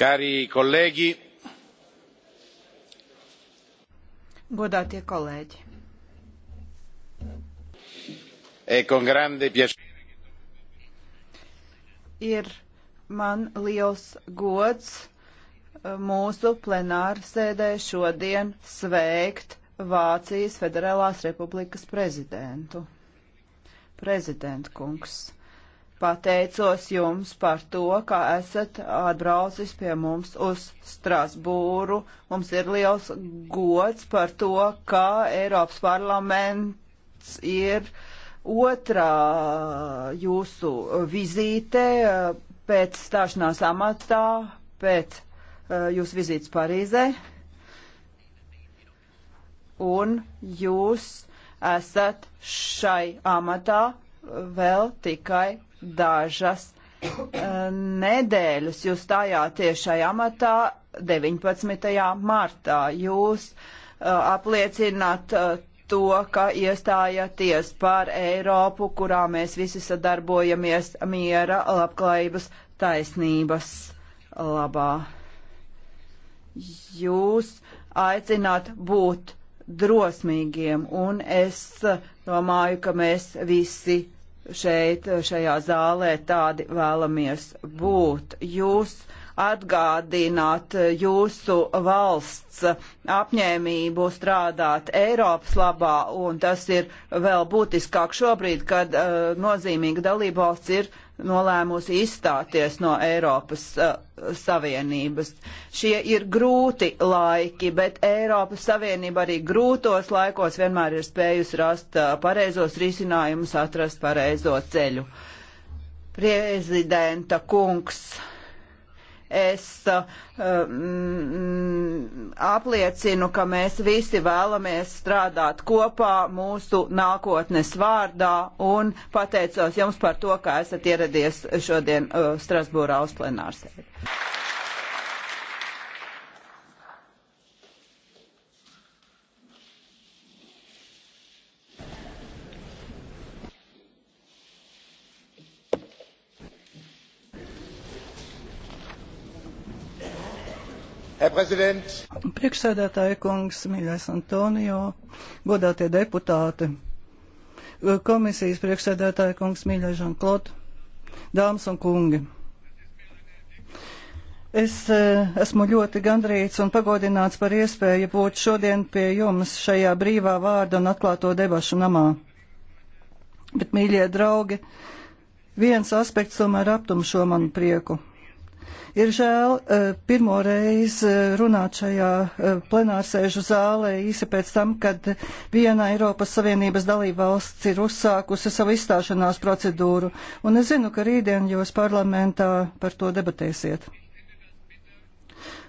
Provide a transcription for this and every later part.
Cari colleghi, godātie kolēģi, è con grande piacere che ir man liels gods eh, mūsu plenārsēdē šodien sveikt Vācijas Federālās Republikas prezidentu. Prezident kungs, pateicos jums par to, ka esat atbraucis pie mums uz Strasbūru. Mums ir liels gods par to, ka Eiropas parlaments ir otrā jūsu vizīte eh, pēc stāšanās amatā, pēc eh, jūsu vizītes Parīzē un jūs esat šai amatā vēl tikai dažas eh, nedēļas. Jūs stājāties šai amatā 19. martā. Jūs eh, apliecināt eh, to, ka iestājaties par Eiropu, kurā mēs visi sadarbojamies miera, labklājības, taisnības labā. Jūs aicināt būt drosmīgiem, un es domāju, ka mēs visi šeit, šajā zālē tādi vēlamies būt. Jūs atgādināt jūsu valsts apņēmību strādāt Eiropas labā, un tas ir vēl būtiskāk šobrīd, kad uh, nozīmīga dalībvalsts ir uh, nolēmusi izstāties no Eiropas uh, Savienības. Šie ir grūti laiki, bet Eiropas Savienība arī grūtos laikos vienmēr ir spējusi rast uh, pareizos risinājumus, atrast pareizo ceļu. Prezidenta kungs Es uh, mm, apliecinu, ka mēs visi vēlamies strādāt kopā mūsu nākotnes vārdā un pateicos jums par to, ka esat ieradies šodien uh, Strasbūrā uz plenārsēdi. Priekšsēdētāja kungs, mīļais Antonio, godātie deputāti, komisijas priekšsēdētāja kungs, mīļais Žanklot, dāmas un kungi. Es eh, esmu ļoti gandrīts un pagodināts par iespēju būt šodien pie jums šajā brīvā vārda un atklāto debašu namā. Bet, mīļie draugi, viens aspekts tomēr aptumšo manu prieku. Ir žēl e, pirmo reizi runāt šajā e, plenārsēžu zālē īsi pēc tam, kad viena Eiropas Savienības dalībvalsts ir uzsākusi savu izstāšanās procedūru, un es zinu, ka rītdien jūs parlamentā par to debatēsiet.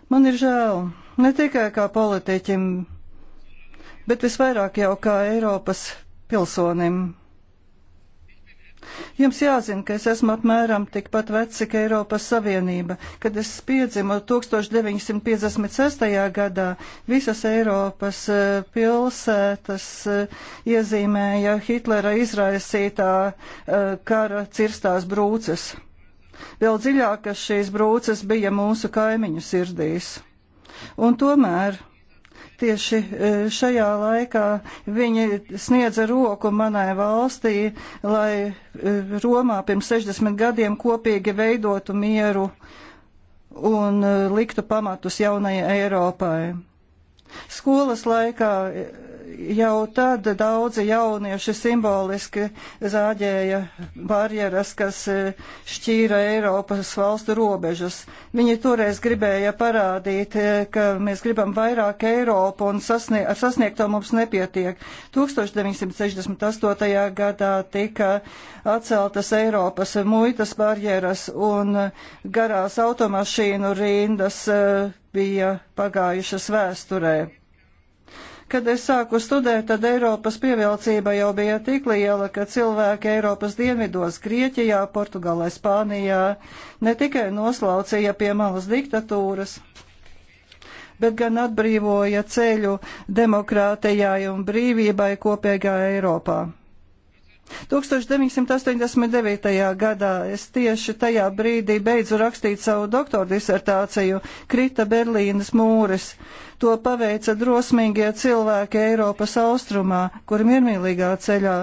Man ir žēl, ne tikai kā politiķim, bet visvairāk jau kā Eiropas pilsonim Jums jāzina, ka es esmu apmēram tikpat vecs, cik Eiropas Savienība. Kad es piedzimu 1956. gadā, visas Eiropas eh, pilsētas eh, iezīmēja Hitlera izraisītā eh, kara cirstās brūces. Vēl dziļākas šīs brūces bija mūsu kaimiņu sirdīs. Un tomēr Tieši e, šajā laikā viņi sniedza roku manai valstī, lai e, Romā pirms 60 gadiem kopīgi veidotu mieru un e, liktu pamatus jaunajai Eiropai. Skolas laikā jau tad daudzi jaunieši simboliski zāģēja barjeras, kas e, šķīra Eiropas valstu robežas. Viņi toreiz gribēja parādīt, e, ka mēs gribam vairāk Eiropu un sasnie ar sasniegto mums nepietiek. 1968. gadā tika atceltas Eiropas muitas barjeras un garās automašīnu rindas e, bija pagājušas vēsturē. Kad es sāku studēt, tad Eiropas pievilcība jau bija tik liela, ka cilvēki Eiropas dienvidos, Grieķijā, Portugālē, Spānijā ne tikai noslaucīja pie malas diktatūras, bet gan atbrīvoja ceļu demokrātijai un brīvībai kopīgā Eiropā. 1989. gadā es tieši tajā brīdī beidzu rakstīt savu doktora disertāciju Krita Berlīnas mūris. To paveica drosmīgie cilvēki Eiropas austrumā, kur miermīlīgā ceļā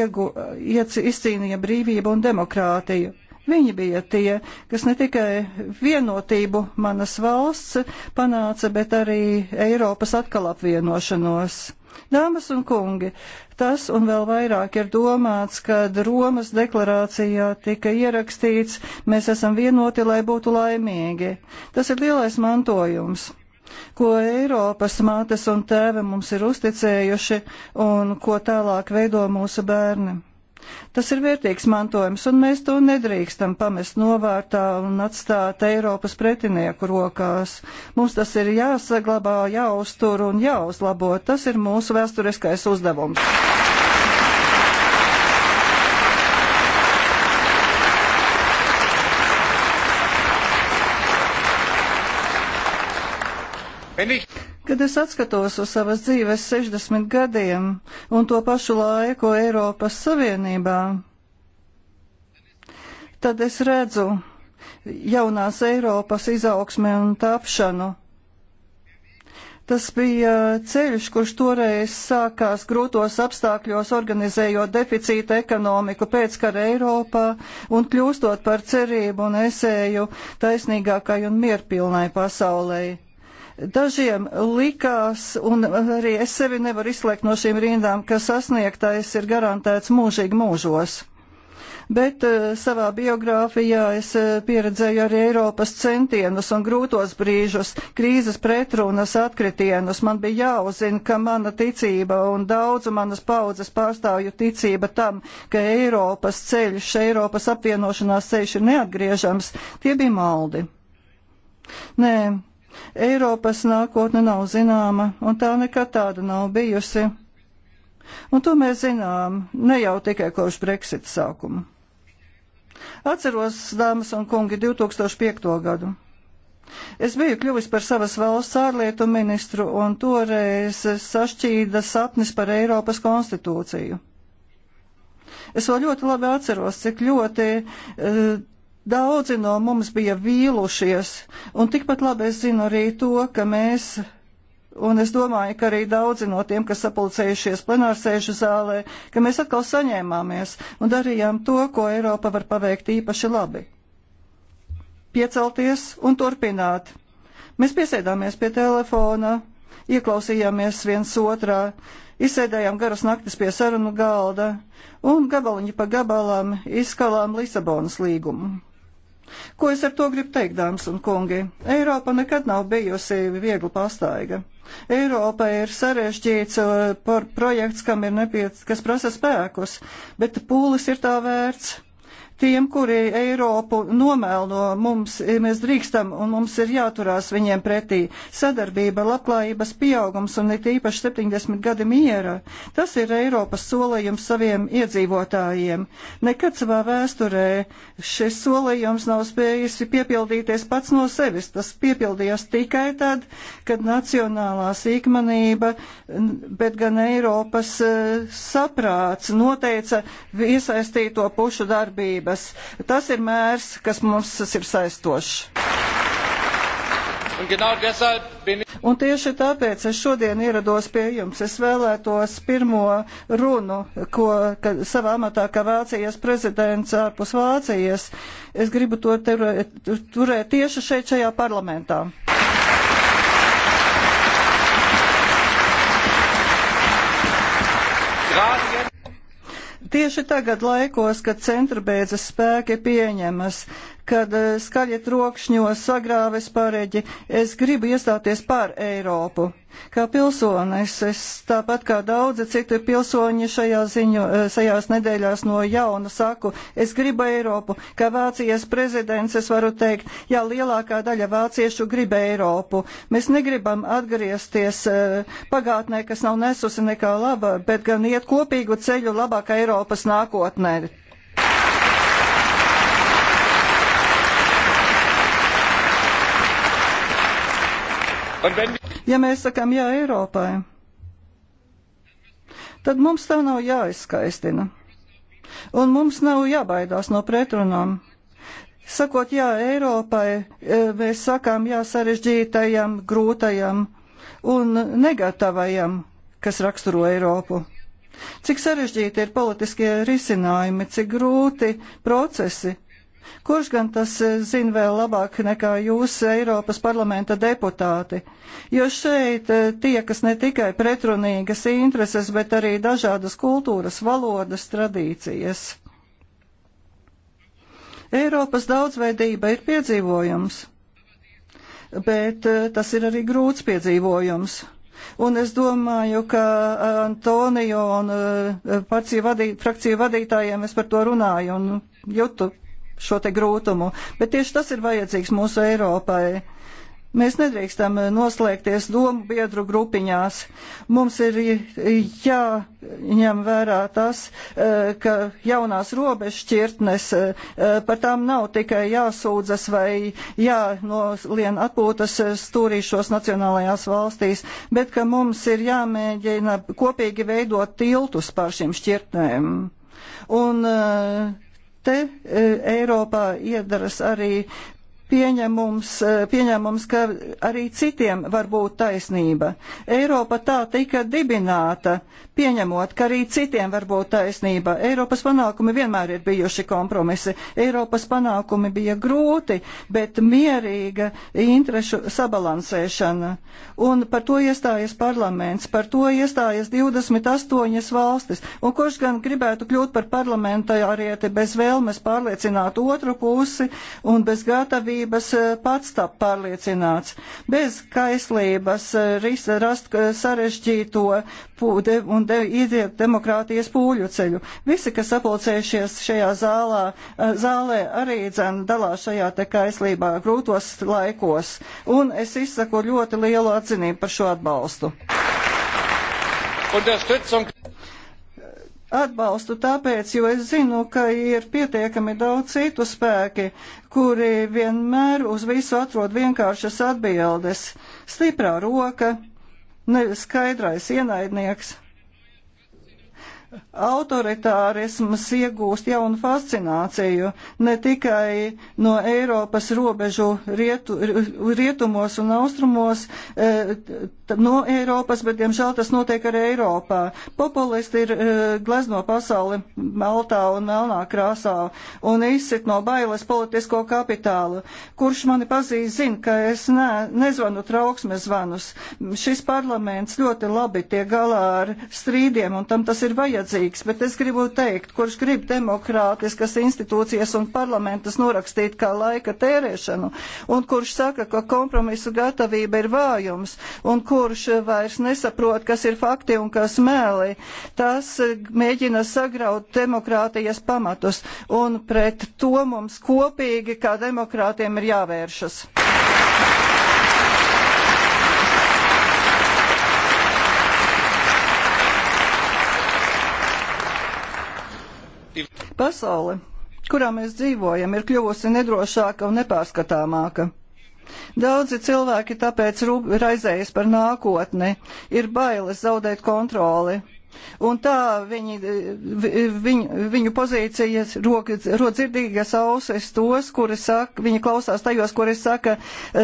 iegu, iec, izcīnīja brīvību un demokrātiju. Viņi bija tie, kas ne tikai vienotību manas valsts panāca, bet arī Eiropas atkal apvienošanos. Dāmas un kungi, tas un vēl vairāk ir domāts, kad Romas deklarācijā tika ierakstīts, mēs esam vienoti, lai būtu laimīgi. Tas ir lielais mantojums ko Eiropas mātes un tēve mums ir uzticējuši un ko tālāk veido mūsu bērni. Tas ir vērtīgs mantojums, un mēs to nedrīkstam pamest novārtā un atstāt Eiropas pretinieku rokās. Mums tas ir jāsaglabā, jāuztur un jāuzlabo. Tas ir mūsu vēsturiskais uzdevums. Wenn ich Kad es atskatos uz savas dzīves 60 gadiem un to pašu laiku Eiropas Savienībā, tad es redzu jaunās Eiropas izaugsmi un tapšanu. Tas bija ceļš, kurš toreiz sākās grūtos apstākļos, organizējot deficīta ekonomiku pēckara Eiropā un kļūstot par cerību un esēju taisnīgākai un mierpilnai pasaulei. Dažiem likās, un arī es sevi nevaru izslēgt no šīm rindām, ka sasniegtais ir garantēts mūžīgi mūžos bet uh, savā biogrāfijā es uh, pieredzēju arī Eiropas centienus un grūtos brīžus, krīzes pretrunas atkritienus. Man bija jāuzzina, ka mana ticība un daudzu manas paudzes pārstāvju ticība tam, ka Eiropas ceļš, Eiropas apvienošanās ceļš ir neatgriežams, tie bija maldi. Nē, Eiropas nākotne nav zināma, un tā nekad tāda nav bijusi. Un to mēs zinām ne jau tikai kopš Brexit sākuma. Atceros, dāmas un kungi, 2005. gadu. Es biju kļuvis par savas valsts ārlietu ministru, un toreiz sašķīda sapnis par Eiropas konstitūciju. Es vēl ļoti labi atceros, cik ļoti uh, Daudzi no mums bija vīlušies, un tikpat labi es zinu arī to, ka mēs Un es domāju, ka arī daudzi no tiem, kas sapulcējušies plenārsēžu zālē, ka mēs atkal saņēmāmies un darījām to, ko Eiropa var paveikt īpaši labi. Piecelties un turpināt. Mēs piesēdāmies pie telefona, ieklausījāmies viens otrā, izsēdējām garas naktis pie sarunu galda un gabaliņi pa gabalam izskalām Lisabonas līgumu. Ko es ar to gribu teikt, dāmas un kungi? Eiropa nekad nav bijusi viegli pastaiga. Eiropa ir sarežģīts uh, projekts, kam ir nepiec, kas prasa spēkus, bet pūlis ir tā vērts. Tiem, kuri Eiropu nomēlo mums, mēs drīkstam un mums ir jāturās viņiem pretī. Sadarbība, labklājības pieaugums un it īpaši 70 gadi miera. Tas ir Eiropas solījums saviem iedzīvotājiem. Nekad savā vēsturē šis solījums nav spējis piepildīties pats no sevis. Tas piepildījās tikai tad, kad nacionālā sīkmanība, bet gan Eiropas eh, saprāts noteica iesaistīto pušu darbību vērtības. Tas ir mērs, kas mums ir saistošs. Un tieši tāpēc es šodien ierados pie jums. Es vēlētos pirmo runu, ko ka, savā amatā kā Vācijas prezidents ārpus Vācijas. Es gribu to turēt, turēt tieši šeit, šajā parlamentā. Tieši tagad laikos, kad centra beidzas spēki pieņemas, kad eh, skaļi trokšņo sagrāves pareģi. Es gribu iestāties par Eiropu. Kā pilsonis, es tāpat kā daudzi citi pilsoņi šajā ziņu, eh, šajās nedēļās no jauna saku, es gribu Eiropu. Kā Vācijas prezidents es varu teikt, jā, lielākā daļa vāciešu grib Eiropu. Mēs negribam atgriezties eh, pagātnē, kas nav nesusi nekā laba, bet gan iet kopīgu ceļu labāk Eiropas nākotnē. Ja mēs sakam jā Eiropai, tad mums tā nav jāizskaistina. Un mums nav jābaidās no pretrunām. Sakot jā Eiropai, e, mēs sakām jā sarežģītajam, grūtajam un negatavajam, kas raksturo Eiropu. Cik sarežģīti ir politiskie risinājumi, cik grūti procesi, Kurš gan tas eh, zina vēl labāk nekā jūs, Eiropas parlamenta deputāti? Jo šeit eh, tiekas ne tikai pretrunīgas intereses, bet arī dažādas kultūras, valodas, tradīcijas. Eiropas daudzveidība ir piedzīvojums, bet eh, tas ir arī grūts piedzīvojums. Un es domāju, ka Antonio un vadī, frakciju vadītājiem es par to runāju un jutu šo te grūtumu. Bet tieši tas ir vajadzīgs mūsu Eiropai. Mēs nedrīkstam noslēgties domu biedru grupiņās. Mums ir jāņem vērā tas, e, ka jaunās robežšķirtnes e, par tām nav tikai jāsūdzas vai jānolien atpūtas stūrīšos nacionālajās valstīs, bet ka mums ir jāmēģina kopīgi veidot tiltus pār šīm šķirtnēm. Un, uh, Te e, Eiropā iedaras arī pieņemums, e, pieņemums, ka arī citiem var būt taisnība. Eiropa tā tika dibināta, pieņemot, ka arī citiem var būt taisnība. Eiropas panākumi vienmēr ir bijuši kompromisi. Eiropas panākumi bija grūti, bet mierīga interešu sabalansēšana. Un par to iestājas parlaments, par to iestājas 28 valstis. Un kurš gan gribētu kļūt par parlamentārieti bez vēlmes pārliecināt otru pusi un bez gatavības kaislības eh, pats tap pārliecināts. Bez kaislības eh, risa rast eh, sarežģīto un de, iziet demokrātijas pūļu ceļu. Visi, kas apulcējušies šajā zālā, zālē, arī dzen dalās šajā te kaislībā grūtos laikos. Un es izsaku ļoti lielu atzinību par šo atbalstu. Unterstützung Atbalstu tāpēc, jo es zinu, ka ir pietiekami daudz citu spēki, kuri vienmēr uz visu atrod vienkāršas atbildes. Stiprā roka, nevis skaidrais ienaidnieks. Autoritārisms iegūst jaunu fascināciju ne tikai no Eiropas robežu rietu, rietumos un austrumos, eh, no Eiropas, bet diemžēl tas notiek arī Eiropā. Populisti ir e, glezno pasauli meltā un melnā krāsā un izsit no bailes politisko kapitālu. Kurš mani pazīst, zina, ka es ne, nezvanu trauksmes zvanus. Šis parlaments ļoti labi tiek galā ar strīdiem un tam tas ir vajadzīgs, bet es gribu teikt, kurš grib demokrātiskas institūcijas un parlamentas norakstīt kā laika tērēšanu un kurš saka, ka kompromisu gatavība ir vājums un kurš kurš vairs nesaprot, kas ir fakti un kas mēli. Tas mēģina sagraut demokrātijas pamatus, un pret to mums kopīgi kā demokrātiem ir jāvēršas. Pasaule, kurā mēs dzīvojam, ir kļuvusi nedrošāka un nepārskatāmāka. Daudzi cilvēki tāpēc raizējas par nākotni, ir bailes zaudēt kontroli. Un tā viņi, viņu, viņu pozīcijas rodzirdīgas ausis tos, kuri saka, viņi klausās tajos, kuri saka,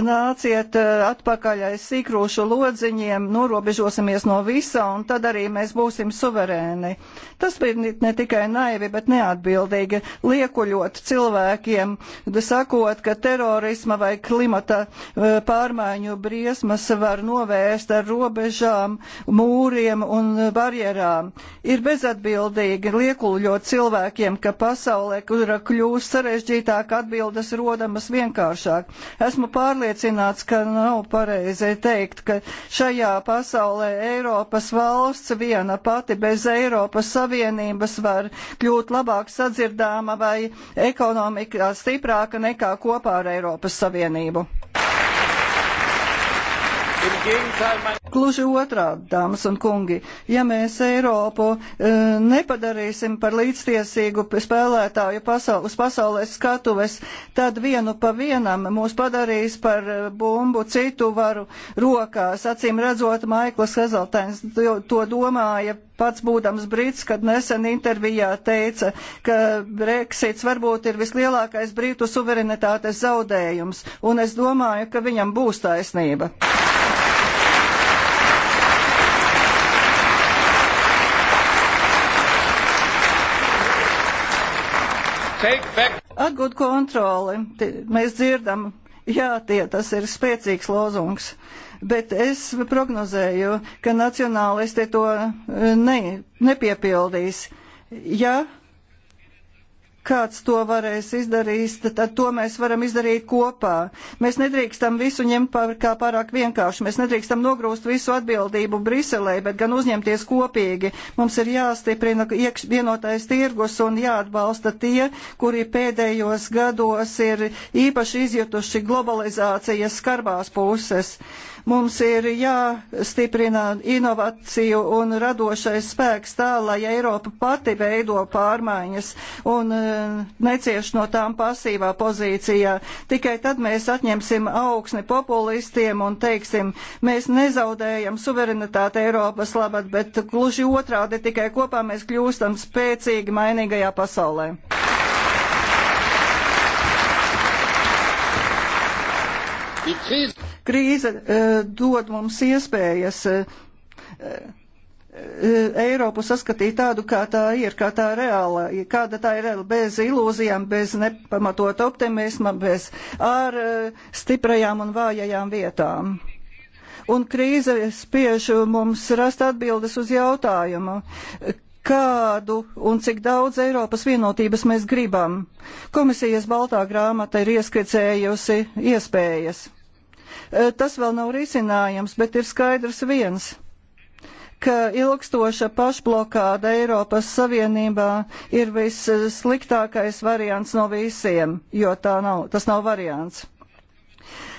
nāciet eh, atpakaļ aiz sīkrūšu lodziņiem, norobežosimies no visa, un tad arī mēs būsim suverēni. Tas bija ne tikai naivi, bet neatbildīgi liekuļot cilvēkiem, sakot, ka terorisma vai klimata eh, pārmaiņu briesmas var novērst ar robežām, mūriem un barjerām mērām. Ir bezatbildīgi liekuļot cilvēkiem, ka pasaulē, kura kļūst sarežģītāk, atbildes rodamas vienkāršāk. Esmu pārliecināts, ka nav pareizi teikt, ka šajā pasaulē Eiropas valsts viena pati bez Eiropas Savienības var kļūt labāk sadzirdāma vai ekonomikā stiprāka nekā kopā ar Eiropas Savienību. Gluži otrādi, dāmas un kungi, ja mēs Eiropu e, nepadarīsim par līdztiesīgu spēlētāju pasaul uz pasaules skatuves, tad vienu pa vienam mūs padarīs par eh, bumbu citu varu rokās. Acīm redzot, Maikls Hezeltens to domāja pats būdams brits, kad nesen intervijā teica, ka Brexits varbūt ir vislielākais brītu suverenitātes zaudējums, un es domāju, ka viņam būs taisnība. Atgūt kontroli, mēs dzirdam, jā, tie tas ir spēcīgs lozungs, bet es prognozēju, ka nacionālisti to eh, ne, nepiepildīs. Ja kāds to varēs izdarīt, tad to mēs varam izdarīt kopā. Mēs nedrīkstam visu ņemt par kā pārāk vienkārši, mēs nedrīkstam nogrūst visu atbildību Briselē, bet gan uzņemties kopīgi. Mums ir jāstiprina iekš, vienotais tirgus un jāatbalsta tie, kuri pēdējos gados ir īpaši izjutuši globalizācijas skarbās puses. Uh, Mums ir jāstiprina inovāciju un radošais spēks tā, lai Eiropa pati veido pārmaiņas un e, necieš no tām pasīvā pozīcijā. Tikai tad mēs atņemsim augsni populistiem un teiksim, mēs nezaudējam suverenitāti Eiropas labad, bet gluži otrādi tikai kopā mēs kļūstam spēcīgi mainīgajā pasaulē. Krīze eh, dod mums iespējas eh, eh, Eiropu saskatīt tādu, kā tā ir, kā tā reāla, kāda tā ir reāla, bez ilūzijām, bez nepamatot optimisma, bez ar stiprajām un vājajām vietām. Un krīze spiež mums rast atbildes uz jautājumu, kādu un cik daudz Eiropas vienotības mēs gribam. Komisijas baltā grāmata ir ieskicējusi iespējas Tas vēl nav risinājums, bet ir skaidrs viens ka ilgstoša pašblokāda Eiropas Savienībā ir vissliktākais variants no visiem, jo tā nav, tas nav variants.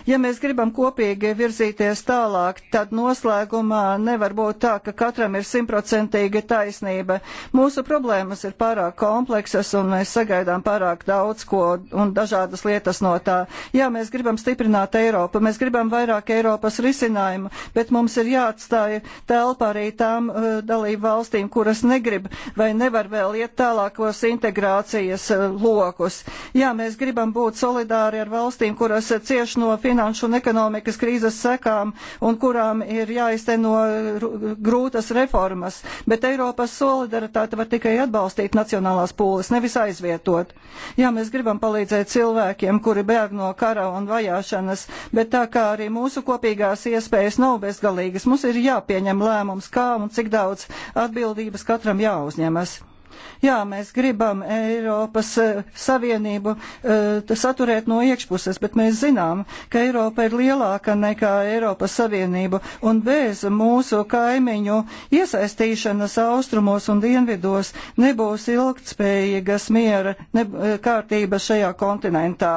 Ja mēs gribam kopīgi virzīties tālāk, tad noslēgumā nevar būt tā, ka katram ir simtprocentīga taisnība. Mūsu problēmas ir pārāk kompleksas un mēs sagaidām pārāk daudz ko un dažādas lietas no tā. Jā, mēs gribam stiprināt Eiropu, mēs gribam vairāk Eiropas risinājumu, bet mums ir jāatstāja telpa arī tām uh, dalību valstīm, kuras negrib vai nevar vēl iet tālākos integrācijas uh, lokus. Jā, mēs gribam būt solidāri ar valstīm, kuras uh, cieš no finansējuma finanšu un ekonomikas krīzes sekām un kurām ir jāizteno grūtas reformas, bet Eiropas solidaritāte var tikai atbalstīt nacionālās pūles, nevis aizvietot. Jā, mēs gribam palīdzēt cilvēkiem, kuri bēg no kara un vajāšanas, bet tā kā arī mūsu kopīgās iespējas nav bezgalīgas, mums ir jāpieņem lēmums, kā un cik daudz atbildības katram jāuzņemas. Jā, mēs gribam Eiropas eh, Savienību eh, saturēt no iekšpuses, bet mēs zinām, ka Eiropa ir lielāka nekā Eiropas Savienība, un bez mūsu kaimiņu iesaistīšanas austrumos un dienvidos nebūs ilgtspējīgas miera ne, eh, kārtības šajā kontinentā.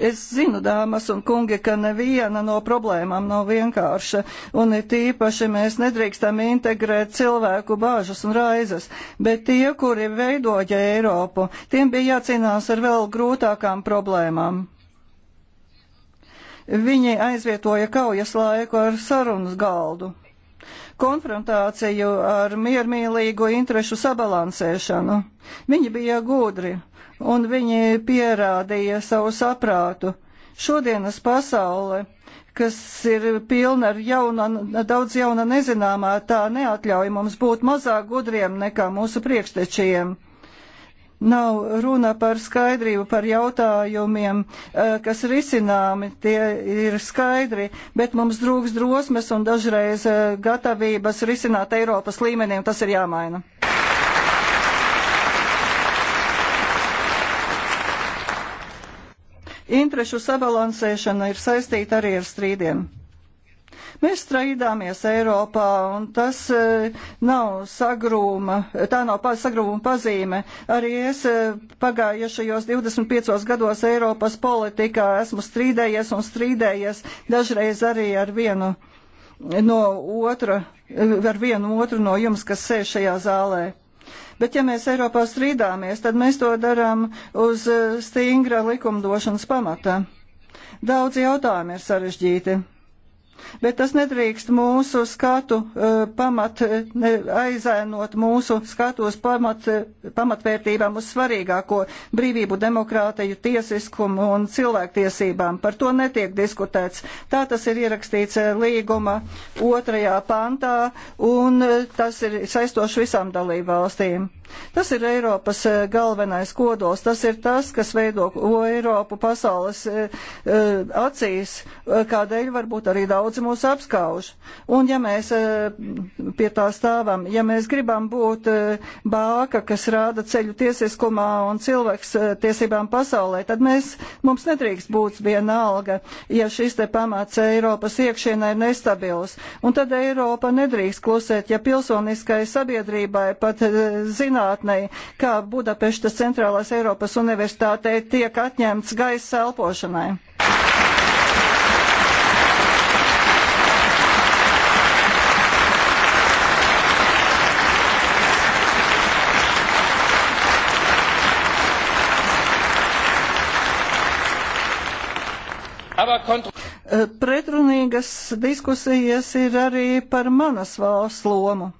Es zinu, dāmas un kungi, ka neviena no problēmām nav vienkārša, un it īpaši mēs nedrīkstam integrēt cilvēku bāžas un raizes, bet tie, kuri veidoja Eiropu, tiem bija jācīnās ar vēl grūtākām problēmām. Viņi aizvietoja kaujas laiku ar sarunas galdu konfrontāciju ar miermīlīgu interešu sabalansēšanu. Viņi bija gudri un viņi pierādīja savu saprātu. Šodienas pasaule kas ir pilna ar jauna, daudz jauna nezināmā, tā neatļauj mums būt mazāk gudriem nekā mūsu priekštečiem. Nav runa par skaidrību, par jautājumiem, eh, kas risināmi, tie ir skaidri, bet mums drūks drosmes un dažreiz eh, gatavības risināt Eiropas līmenī, un tas ir jāmaina. Interešu sabalansēšana ir saistīta arī ar strīdiem. Mēs strīdāmies Eiropā, un tas eh, nav sagrūma, tā nav sagrūma pazīme. Arī es eh, pagājušajos 25 gados Eiropas politikā esmu strīdējies un strīdējies dažreiz arī ar vienu no otra, eh, ar vienu otru no jums, kas sēž šajā zālē. Bet ja mēs Eiropā strīdāmies, tad mēs to darām uz eh, stingra likumdošanas pamata. Daudz jautājumi ir sarežģīti. Bet tas nedrīkst mūsu skatu eh, pamat, eh, ne, aizainot mūsu skatos pamat, eh, pamatvērtībām uz svarīgāko brīvību, demokrātiju, tiesiskumu un cilvēktiesībām. Par to netiek diskutēts. Tā tas ir ierakstīts līguma otrajā pantā un tas ir saistoši visām dalībvalstīm. Tas ir Eiropas eh, galvenais kodols, tas ir tas, kas veido Eiropu pasaules eh, eh, acīs, kādēļ varbūt arī daudzi mūs apskauž. Un ja mēs pie tā stāvam, ja mēs gribam būt bāka, kas rāda ceļu tiesiskumā un cilvēks tiesībām pasaulē, tad mēs, mums nedrīkst būt vienalga, ja šis te pamats Eiropas iekšienē ir nestabils. Un tad Eiropa nedrīkst klusēt, ja pilsoniskai sabiedrībai pat zināt, zinātnei, kā Budapeštas Centrālās Eiropas Universitātei tiek atņemts gaisa elpošanai. Pretrunīgas diskusijas ir arī par manas valsts lomu.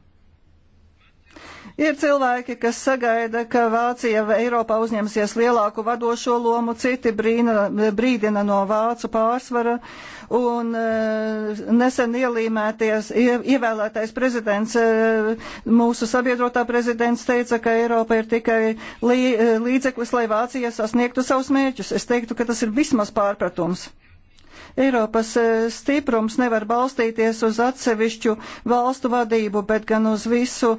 Ir cilvēki, kas sagaida, ka Vācija Eiropā uzņemsies lielāku vadošo lomu, citi brīna, brīdina no vācu pārsvara, un eh, nesen ielīmēties, ievēlētais prezidents, eh, mūsu sabiedrotā prezidents teica, ka Eiropa ir tikai eh, līdzeklis, lai Vācija sasniegtu savus mērķus. Es teiktu, ka tas ir vismaz pārpratums. Eiropas eh, stiprums nevar balstīties uz atsevišķu valstu vadību, bet gan uz visu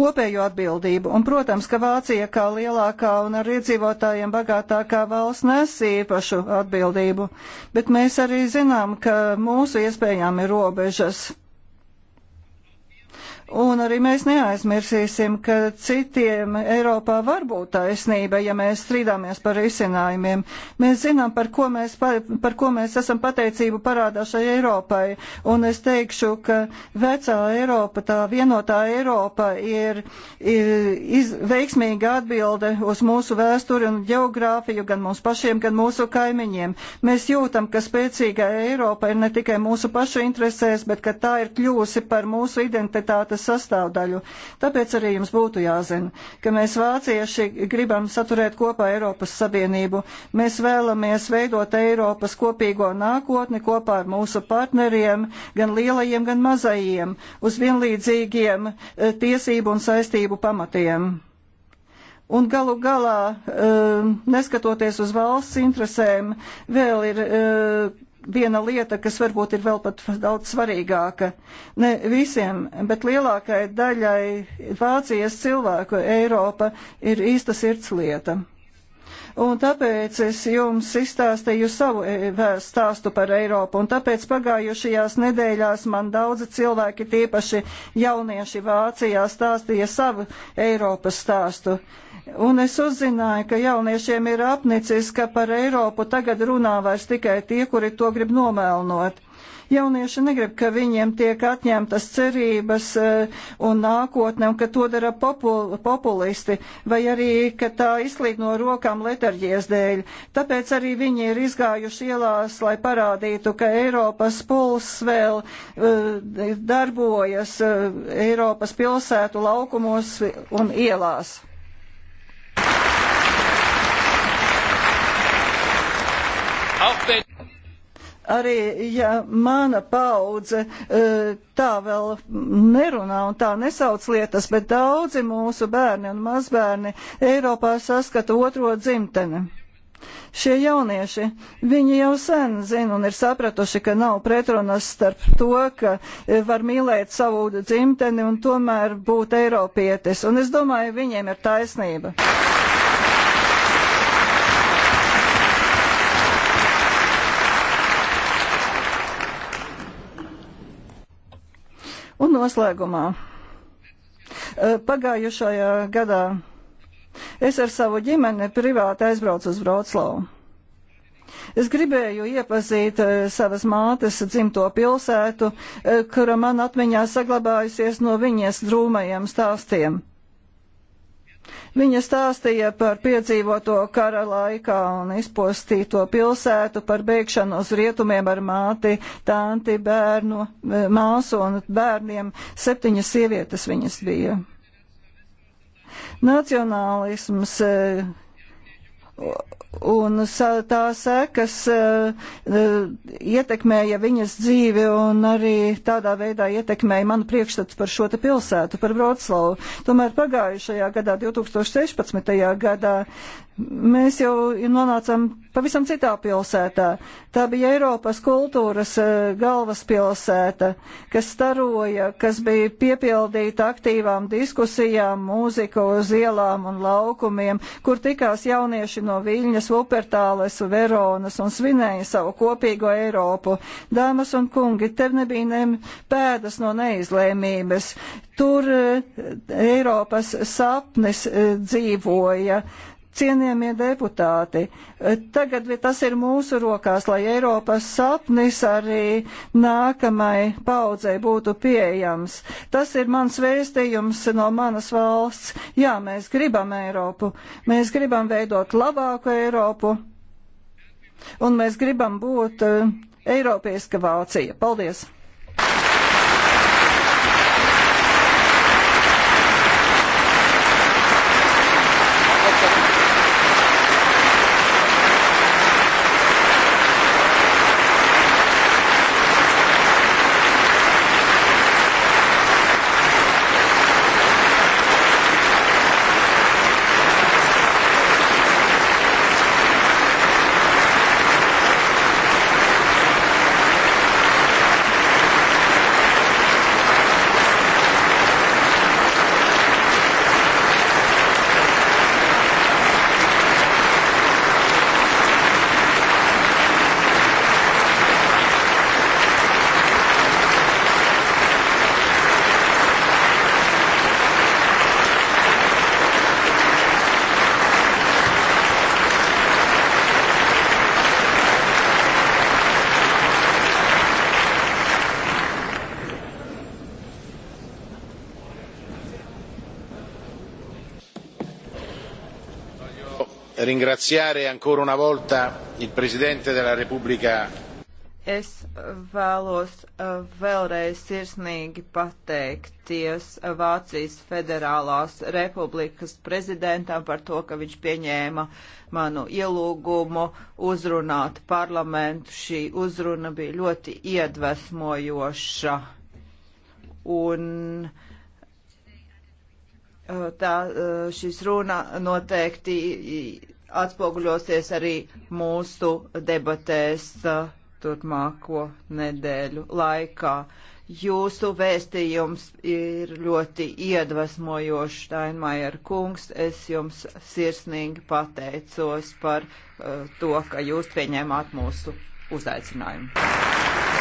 kopējo atbildību. Un, protams, ka Vācija kā lielākā un ar iedzīvotājiem bagātākā valsts nes īpašu atbildību, bet mēs arī zinām, ka mūsu iespējām ir robežas. Un arī mēs neaizmirsīsim, ka citiem Eiropā var būt taisnība, ja mēs strīdāmies par risinājumiem. Mēs zinām, par ko mēs, par, par ko mēs esam pateicību parādāšai Eiropai. Un es teikšu, ka vecā Eiropa, tā vienotā Eiropa ir, ir iz, veiksmīga atbilde uz mūsu vēsturi un geogrāfiju, gan mums pašiem, gan mūsu kaimiņiem. Mēs jūtam, ka spēcīga Eiropa ir ne tikai mūsu pašu interesēs, bet ka tā ir kļūsi par mūsu identitāti budžeta sastāvdaļu. Tāpēc arī jums būtu jāzina, ka mēs vācieši gribam saturēt kopā Eiropas Savienību. Mēs vēlamies veidot Eiropas kopīgo nākotni kopā ar mūsu partneriem, gan lielajiem, gan mazajiem, uz vienlīdzīgiem eh, tiesību un saistību pamatiem. Un galu galā, eh, neskatoties uz valsts interesēm, vēl ir eh, viena lieta, kas varbūt ir vēl pat daudz svarīgāka. Ne visiem, bet lielākai daļai Vācijas cilvēku Eiropa ir īsta sirdslieta. Un tāpēc es jums izstāstīju savu e, stāstu par Eiropu, un tāpēc pagājušajās nedēļās man daudzi cilvēki, tīpaši jaunieši Vācijā, stāstīja savu Eiropas stāstu. Un es uzzināju, ka jauniešiem ir apnicis, ka par Eiropu tagad runā vairs tikai tie, kuri to grib nomēlnot. Jaunieši negrib, ka viņiem tiek atņemtas cerības eh, un nākotne, un ka to dara popul populisti, vai arī, ka tā izslīd no rokām letarģies dēļ. Tāpēc arī viņi ir izgājuši ielās, lai parādītu, ka Eiropas puls vēl eh, darbojas eh, Eiropas pilsētu laukumos un ielās. Arī ja mana paudze e, tā vēl nerunā un tā nesauc lietas, bet daudzi mūsu bērni un mazbērni Eiropā saskata otro dzimteni. Šie jaunieši, viņi jau sen zina un ir sapratuši, ka nav pretrunas starp to, ka var mīlēt savu dzimteni un tomēr būt Eiropietis. Un es domāju, viņiem ir taisnība. Un noslēgumā. E, pagājušajā gadā es ar savu ģimeni privāti aizbraucu uz Vroclavu. Es gribēju iepazīt e, savas mātes dzimto pilsētu, e, kura man atmiņā saglabājusies no viņas drūmajiem stāstiem. Viņa stāstīja par piedzīvoto kara laikā un izpostīto pilsētu, par bēgšanu uz rietumiem ar māti, tanti, bērnu, eh, māsu un bērniem. Septiņas sievietes viņas bija. Nacionālisms eh, un tā sekas e, e, ietekmēja viņas dzīvi un arī tādā veidā ietekmēja manu priekšstatu par šo te pilsētu, par Vroclavu. Tomēr pagājušajā gadā, 2016. gadā, mēs jau nonācām pavisam citā pilsētā. Tā bija Eiropas kultūras e, galvaspilsēta, kas staroja, kas bija piepildīta aktīvām diskusijām, mūziku uz ielām un laukumiem, kur tikās jaunieši no Viļņas mēs Vupertāles, Veronas un svinēja savu kopīgo Eiropu. Dāmas un kungi, te nebija ne pēdas no neizlēmības. Tur eh, Eiropas sapnis eh, dzīvoja. Cienījamie deputāti, tagad tas ir mūsu rokās, lai Eiropas sapnis arī nākamai paudzei būtu pieejams. Tas ir mans vēstījums no manas valsts. Jā, mēs gribam Eiropu, mēs gribam veidot labāku Eiropu, un mēs gribam būt eh, Eiropieska Vācija. Paldies! ringraziare ancora una volta il Presidente della Repubblica. Es vēlos eh, vēlreiz sirsnīgi pateikties Vācijas Federālās Republikas prezidentam par to, ka viņš pieņēma manu ielūgumu uzrunāt parlamentu. Šī uzruna bija ļoti iedvesmojoša. Un, uh, tā, eh, šis runa noteikti atspoguļosies arī mūsu debatēs uh, turpmāko nedēļu laikā. Jūsu vēstījums ir ļoti iedvesmojošs, Steinmeier kungs. Es jums sirsnīgi pateicos par uh, to, ka jūs pieņēmāt mūsu uzaicinājumu.